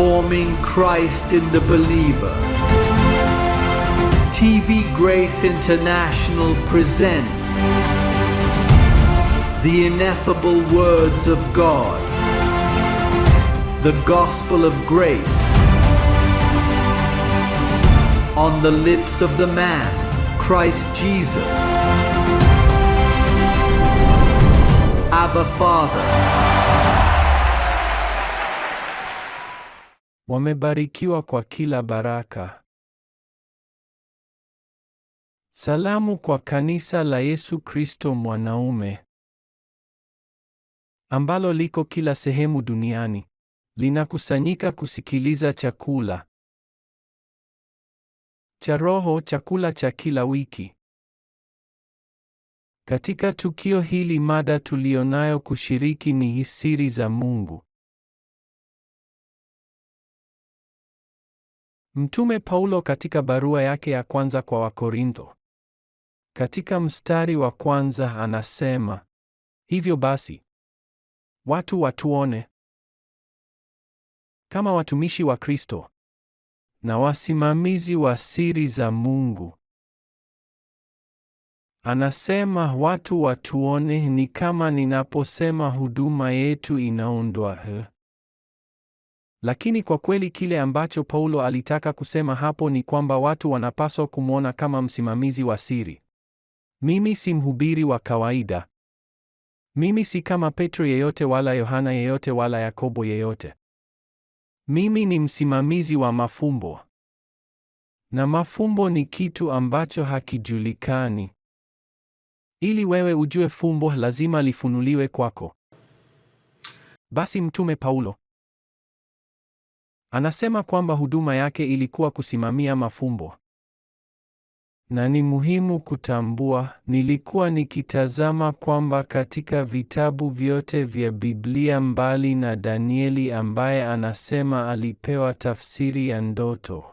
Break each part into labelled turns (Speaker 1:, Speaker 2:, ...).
Speaker 1: forming Christ in the believer. TV Grace International presents the ineffable words of God, the gospel of grace on the lips of the man, Christ Jesus. Abba Father. Wamebarikiwa kwa kila
Speaker 2: baraka. Salamu kwa kanisa la Yesu Kristo mwanaume ambalo liko kila sehemu duniani. Linakusanyika kusikiliza chakula cha roho, chakula cha kila wiki. Katika tukio hili mada tuliyonayo kushiriki ni siri za Mungu. Mtume Paulo katika barua yake ya kwanza kwa Wakorintho katika mstari
Speaker 1: wa kwanza anasema hivyo basi, watu watuone
Speaker 2: kama watumishi wa Kristo na wasimamizi wa siri za Mungu.
Speaker 1: Anasema watu watuone ni kama ninaposema huduma yetu inaundwa eh, lakini kwa kweli kile ambacho Paulo alitaka kusema hapo ni kwamba watu wanapaswa kumwona kama msimamizi wa siri. Mimi si mhubiri wa kawaida. Mimi si kama Petro yeyote wala Yohana yeyote wala Yakobo yeyote. Mimi ni msimamizi wa mafumbo. Na mafumbo ni kitu ambacho hakijulikani. Ili wewe ujue fumbo lazima lifunuliwe kwako. Basi Mtume Paulo Anasema kwamba huduma yake ilikuwa kusimamia mafumbo. Na ni muhimu kutambua, nilikuwa nikitazama kwamba katika vitabu vyote vya Biblia mbali na Danieli ambaye anasema alipewa tafsiri ya ndoto.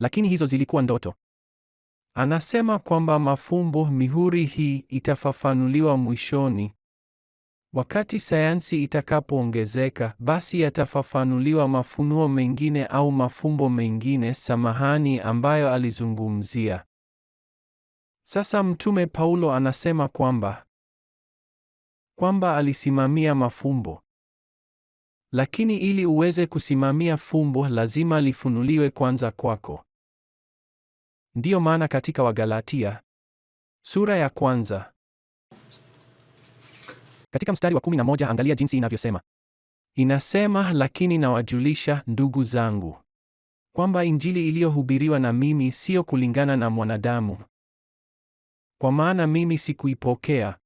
Speaker 1: Lakini hizo zilikuwa ndoto. Anasema kwamba mafumbo, mihuri hii itafafanuliwa mwishoni Wakati sayansi itakapoongezeka, basi yatafafanuliwa mafunuo mengine au mafumbo mengine, samahani, ambayo alizungumzia. Sasa Mtume Paulo anasema kwamba kwamba alisimamia mafumbo. Lakini ili uweze kusimamia fumbo lazima lifunuliwe kwanza kwako. Ndiyo maana katika Wagalatia sura ya kwanza katika mstari wa kumi na moja angalia jinsi inavyosema. Inasema, lakini nawajulisha ndugu zangu kwamba injili iliyohubiriwa na mimi siyo kulingana na mwanadamu, kwa maana mimi sikuipokea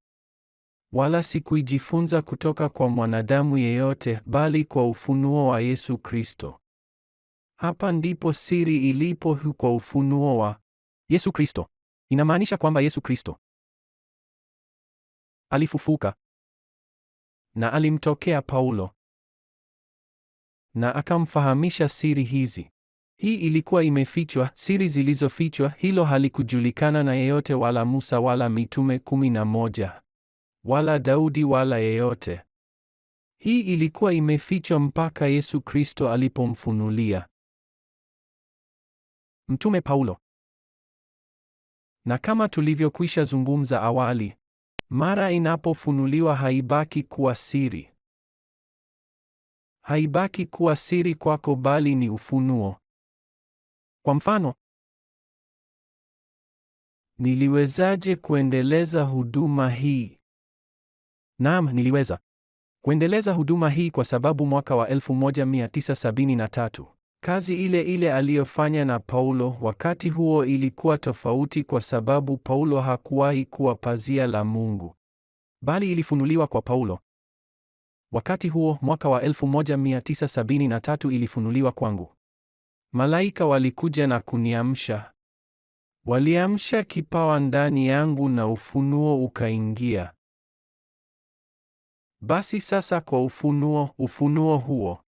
Speaker 1: wala sikuijifunza kutoka kwa mwanadamu yeyote, bali kwa ufunuo wa Yesu Kristo. Hapa ndipo siri
Speaker 2: ilipo, kwa ufunuo wa Yesu Kristo. Inamaanisha kwamba Yesu Kristo alifufuka na alimtokea Paulo na akamfahamisha siri hizi. Hii ilikuwa
Speaker 1: imefichwa, siri zilizofichwa. Hilo halikujulikana na yeyote, wala Musa wala mitume kumi na moja wala Daudi wala yeyote. Hii ilikuwa imefichwa mpaka Yesu Kristo alipomfunulia Mtume Paulo. Na kama tulivyokwisha zungumza awali, mara inapofunuliwa haibaki kuwa siri.
Speaker 2: Haibaki kuwa siri kwako bali ni ufunuo. Kwa mfano, niliwezaje kuendeleza huduma hii? Naam, niliweza kuendeleza huduma
Speaker 1: hii kwa sababu mwaka wa 1973 Kazi ile ile aliyofanya na Paulo wakati huo ilikuwa tofauti kwa sababu Paulo hakuwahi kuwa pazia la Mungu, bali ilifunuliwa kwa Paulo. Wakati huo mwaka wa 1973 ilifunuliwa kwangu. Malaika walikuja na kuniamsha. Waliamsha kipawa ndani yangu na
Speaker 2: ufunuo ukaingia. Basi sasa kwa ufunuo, ufunuo huo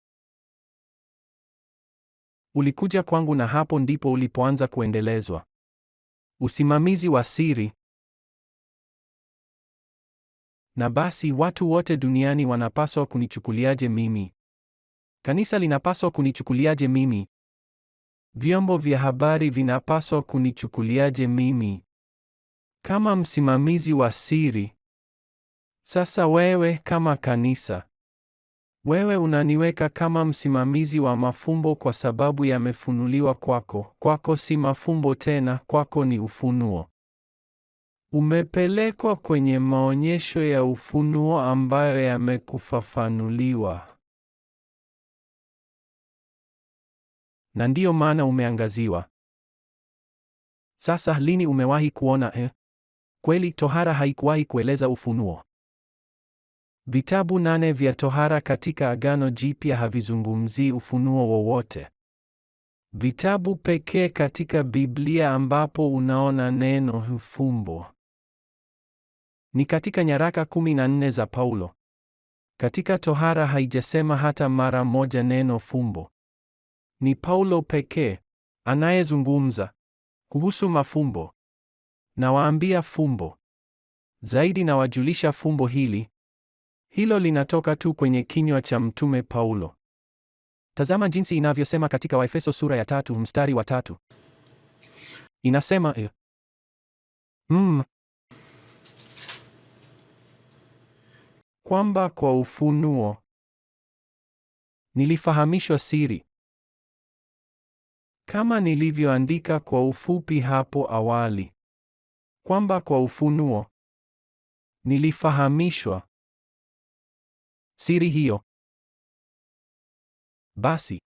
Speaker 2: Ulikuja kwangu na
Speaker 1: hapo ndipo ulipoanza kuendelezwa. Usimamizi wa siri. Na basi watu wote duniani wanapaswa kunichukuliaje mimi? Kanisa linapaswa kunichukuliaje mimi? Vyombo vya habari vinapaswa kunichukuliaje mimi? Kama msimamizi wa siri. Sasa wewe kama kanisa wewe unaniweka kama msimamizi wa mafumbo kwa sababu yamefunuliwa kwako. Kwako si mafumbo tena, kwako ni ufunuo. Umepelekwa kwenye maonyesho ya ufunuo ambayo yamekufafanuliwa.
Speaker 2: Na ndiyo maana umeangaziwa. Sasa lini umewahi kuona eh? Kweli
Speaker 1: tohara haikuwahi kueleza ufunuo. Vitabu nane vya tohara katika Agano Jipya havizungumzii ufunuo wowote. Vitabu pekee katika Biblia ambapo unaona neno fumbo ni katika nyaraka 14 za Paulo. Katika tohara haijasema hata mara moja neno fumbo. Ni Paulo pekee anayezungumza kuhusu mafumbo. Nawaambia fumbo zaidi, nawajulisha fumbo hili hilo linatoka tu kwenye kinywa cha mtume Paulo. Tazama jinsi inavyosema katika Waefeso sura ya tatu mstari wa tatu. Inasema eh,
Speaker 2: mm, kwamba kwa ufunuo nilifahamishwa siri kama
Speaker 1: nilivyoandika kwa ufupi hapo awali, kwamba kwa ufunuo
Speaker 2: nilifahamishwa siri hiyo. Basi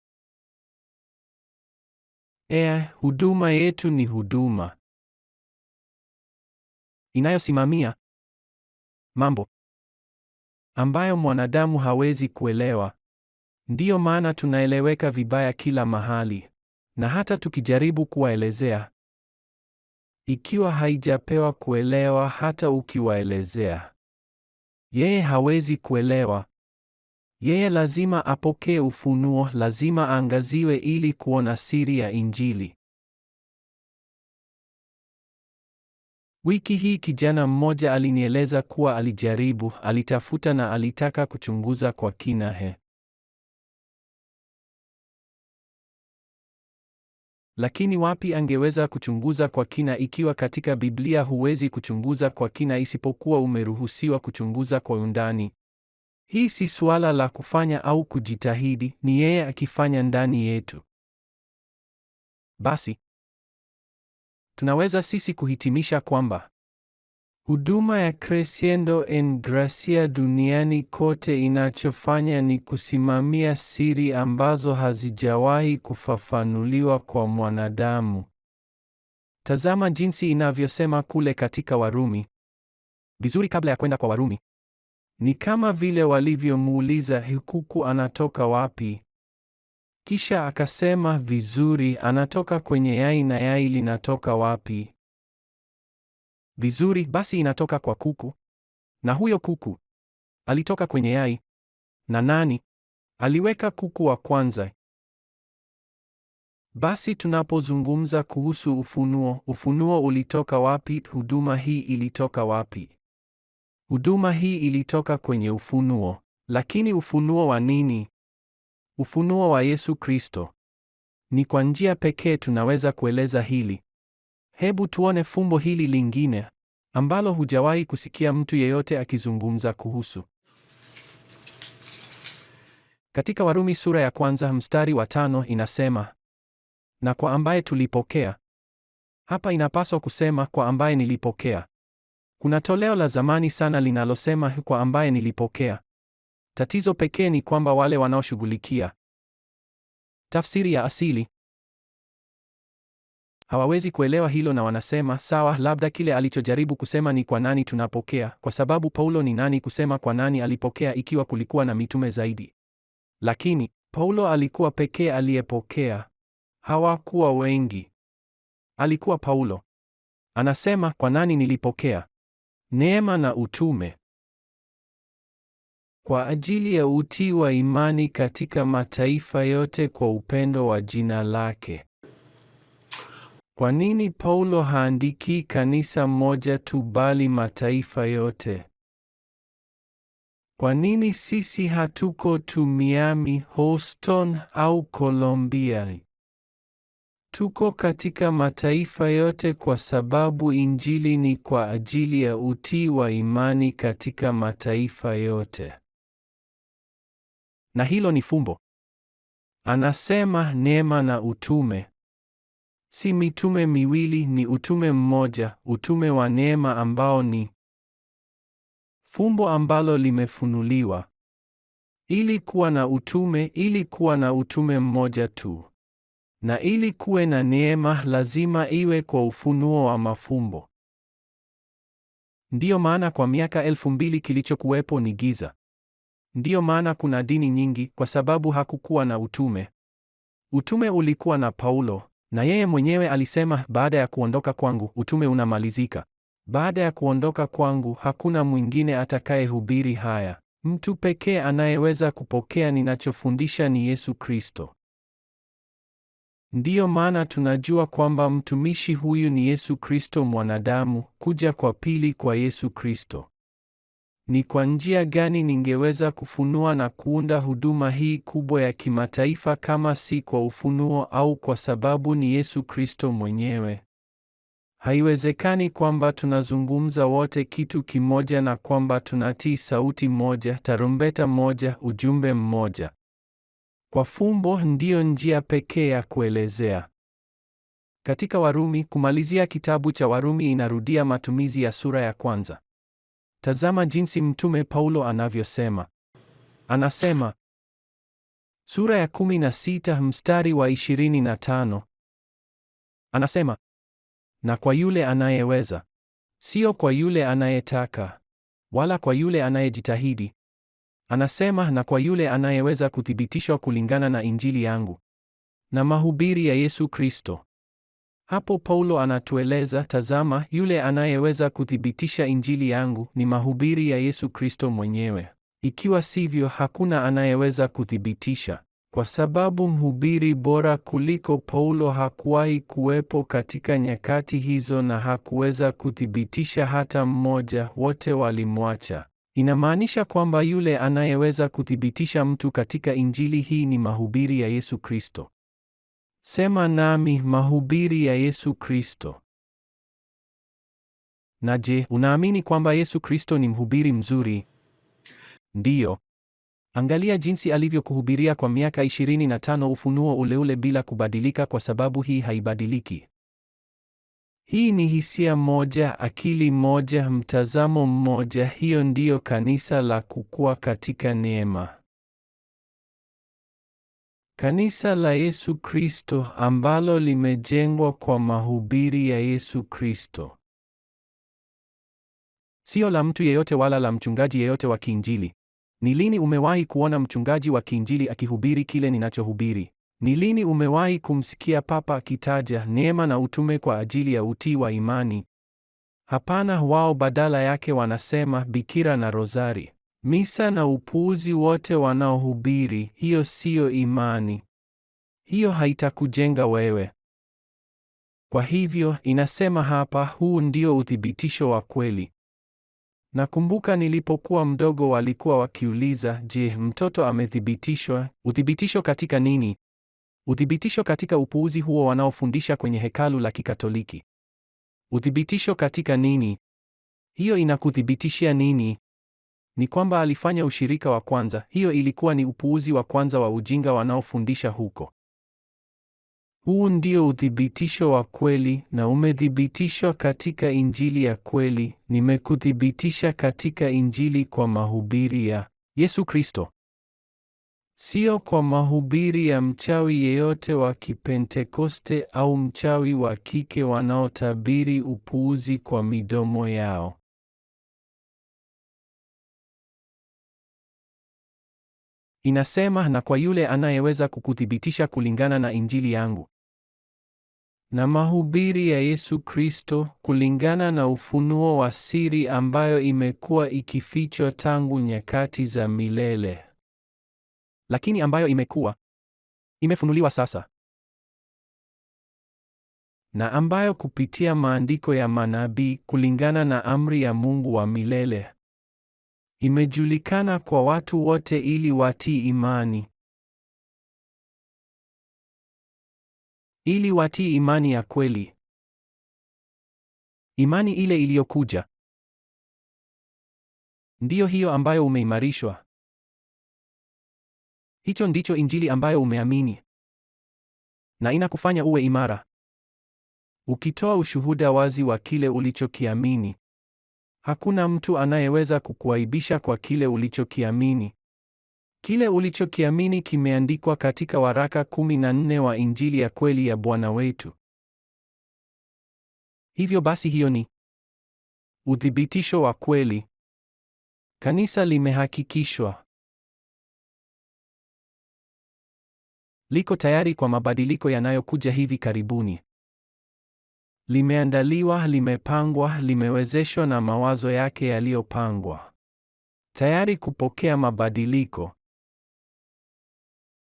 Speaker 2: e, huduma yetu ni huduma inayosimamia mambo ambayo mwanadamu hawezi
Speaker 1: kuelewa. Ndiyo maana tunaeleweka vibaya kila mahali, na hata tukijaribu kuwaelezea, ikiwa haijapewa kuelewa, hata ukiwaelezea, yeye hawezi kuelewa. Yeye lazima apokee ufunuo, lazima aangaziwe ili kuona siri ya Injili. Wiki hii kijana
Speaker 2: mmoja alinieleza kuwa alijaribu, alitafuta na alitaka kuchunguza kwa kina he. Lakini wapi angeweza kuchunguza kwa kina ikiwa katika Biblia huwezi kuchunguza kwa
Speaker 1: kina isipokuwa umeruhusiwa kuchunguza kwa undani? Hii si suala la kufanya au kujitahidi, ni yeye akifanya ndani yetu. Basi tunaweza sisi kuhitimisha kwamba huduma ya Crescendo en Gracia duniani kote inachofanya ni kusimamia siri ambazo hazijawahi kufafanuliwa kwa mwanadamu. Tazama jinsi inavyosema kule katika Warumi. Vizuri, kabla ya kwenda kwa Warumi, ni kama vile walivyomuuliza hikuku anatoka wapi? Kisha akasema vizuri, anatoka kwenye yai, na yai linatoka wapi? Vizuri, basi
Speaker 2: inatoka kwa kuku. Na huyo kuku alitoka kwenye yai, na nani aliweka kuku wa kwanza? Basi
Speaker 1: tunapozungumza kuhusu ufunuo, ufunuo ulitoka wapi? Huduma hii ilitoka wapi? Huduma hii ilitoka kwenye ufunuo, lakini ufunuo wa nini? Ufunuo wa Yesu Kristo. Ni kwa njia pekee tunaweza kueleza hili. Hebu tuone fumbo hili lingine ambalo hujawahi kusikia mtu yeyote akizungumza kuhusu. Katika Warumi sura ya kwanza mstari wa tano inasema, na kwa ambaye tulipokea. Hapa inapaswa kusema kwa ambaye nilipokea. Kuna toleo la zamani sana linalosema kwa ambaye nilipokea. Tatizo pekee ni kwamba wale wanaoshughulikia tafsiri ya asili hawawezi kuelewa hilo na wanasema sawa, labda kile alichojaribu kusema ni kwa nani tunapokea, kwa sababu Paulo ni nani kusema kwa nani alipokea ikiwa kulikuwa na mitume zaidi. Lakini Paulo alikuwa pekee aliyepokea, hawakuwa wengi. Alikuwa Paulo. Anasema, kwa nani nilipokea? Neema na utume. Kwa ajili ya utii wa imani katika mataifa yote kwa upendo wa jina lake. Kwa nini Paulo haandiki kanisa moja tu bali mataifa yote? Kwa nini sisi hatuko tu Miami, Houston au Colombia? Tuko katika mataifa yote kwa sababu Injili ni kwa ajili ya utii wa imani katika mataifa yote. Na hilo ni fumbo. Anasema neema na utume. Si mitume miwili, ni utume mmoja, utume wa neema ambao ni fumbo ambalo limefunuliwa. Ili kuwa na utume, ili kuwa na utume mmoja tu. Na ili kuwe na neema lazima iwe kwa ufunuo wa mafumbo. Ndiyo maana kwa miaka elfu mbili kilichokuwepo ni giza. Ndiyo maana kuna dini nyingi kwa sababu hakukuwa na utume. Utume ulikuwa na Paulo, na yeye mwenyewe alisema, baada ya kuondoka kwangu utume unamalizika. Baada ya kuondoka kwangu hakuna mwingine atakayehubiri haya. Mtu pekee anayeweza kupokea ninachofundisha ni Yesu Kristo. Ndiyo maana tunajua kwamba mtumishi huyu ni Yesu Kristo mwanadamu, kuja kwa pili kwa Yesu Kristo. Ni kwa njia gani ningeweza kufunua na kuunda huduma hii kubwa ya kimataifa kama si kwa ufunuo au kwa sababu ni Yesu Kristo mwenyewe? Haiwezekani kwamba tunazungumza wote kitu kimoja na kwamba tunatii sauti moja, tarumbeta moja, ujumbe mmoja. Kwa fumbo ndiyo njia pekee ya kuelezea. Katika Warumi, kumalizia kitabu cha Warumi inarudia matumizi ya sura ya kwanza. Tazama jinsi mtume Paulo anavyosema. Anasema sura ya 16 mstari wa 25. Anasema na kwa yule anayeweza, sio kwa yule anayetaka, wala kwa yule anayejitahidi, Anasema, na kwa yule anayeweza kuthibitishwa kulingana na injili yangu na mahubiri ya Yesu Kristo. Hapo Paulo anatueleza, tazama, yule anayeweza kuthibitisha injili yangu ni mahubiri ya Yesu Kristo mwenyewe. Ikiwa sivyo, hakuna anayeweza kuthibitisha, kwa sababu mhubiri bora kuliko Paulo hakuwahi kuwepo katika nyakati hizo na hakuweza kuthibitisha hata mmoja, wote walimwacha. Inamaanisha kwamba yule anayeweza kuthibitisha mtu katika injili hii ni mahubiri ya Yesu Kristo. Sema nami, mahubiri ya Yesu Kristo. Na je, unaamini kwamba Yesu Kristo ni mhubiri mzuri? Ndiyo. Angalia jinsi alivyokuhubiria kwa miaka 25 ufunuo uleule bila kubadilika kwa sababu hii haibadiliki. Hii ni hisia moja, akili moja, mtazamo mmoja. Hiyo ndiyo kanisa la kukua katika neema. Kanisa la Yesu Kristo ambalo limejengwa kwa mahubiri ya Yesu Kristo. Sio la mtu yeyote wala la mchungaji yeyote wa kiinjili. Ni lini umewahi kuona mchungaji wa kiinjili akihubiri kile ninachohubiri? Ni lini umewahi kumsikia Papa akitaja neema na utume kwa ajili ya utii wa imani? Hapana, wao badala yake wanasema bikira na rozari, misa na upuuzi wote wanaohubiri, hiyo siyo imani, hiyo haitakujenga wewe. Kwa hivyo inasema hapa, huu ndio uthibitisho wa kweli. Nakumbuka nilipokuwa mdogo walikuwa wakiuliza, je, mtoto amethibitishwa? Uthibitisho katika nini? Uthibitisho katika upuuzi huo wanaofundisha kwenye hekalu la Kikatoliki. Uthibitisho katika nini? Hiyo inakuthibitishia nini? Ni kwamba alifanya ushirika wa kwanza. Hiyo ilikuwa ni upuuzi wa kwanza wa ujinga wanaofundisha huko. Huu ndio uthibitisho wa kweli, na umethibitishwa katika injili ya kweli. Nimekuthibitisha katika injili kwa mahubiri ya Yesu Kristo sio kwa mahubiri ya mchawi yeyote wa Kipentekoste au
Speaker 2: mchawi wa kike wanaotabiri upuuzi kwa midomo yao. Inasema, na kwa yule anayeweza kukuthibitisha kulingana na Injili yangu
Speaker 1: na mahubiri ya Yesu Kristo kulingana na ufunuo wa siri ambayo imekuwa ikifichwa tangu nyakati za milele lakini ambayo imekuwa imefunuliwa sasa na ambayo kupitia maandiko ya manabii kulingana na amri ya Mungu
Speaker 2: wa milele imejulikana kwa watu wote ili watii imani. Ili watii imani ya kweli. Imani ile iliyokuja ndiyo hiyo ambayo umeimarishwa. Hicho ndicho Injili ambayo umeamini na inakufanya uwe imara,
Speaker 1: ukitoa ushuhuda wazi wa kile ulichokiamini. Hakuna mtu anayeweza kukuaibisha kwa kile ulichokiamini. Kile ulichokiamini kimeandikwa katika waraka 14 wa Injili ya kweli ya Bwana wetu.
Speaker 2: Hivyo basi hiyo ni uthibitisho wa kweli. Kanisa limehakikishwa. liko tayari kwa mabadiliko yanayokuja hivi karibuni.
Speaker 1: Limeandaliwa, limepangwa, limewezeshwa na mawazo yake yaliyopangwa, tayari kupokea mabadiliko.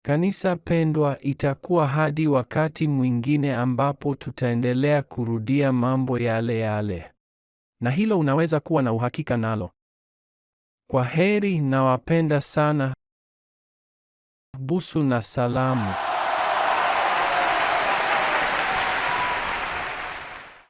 Speaker 1: Kanisa pendwa, itakuwa hadi wakati mwingine ambapo tutaendelea kurudia mambo yale yale, na hilo unaweza kuwa na uhakika nalo. Kwa heri, nawapenda sana busu na salamu.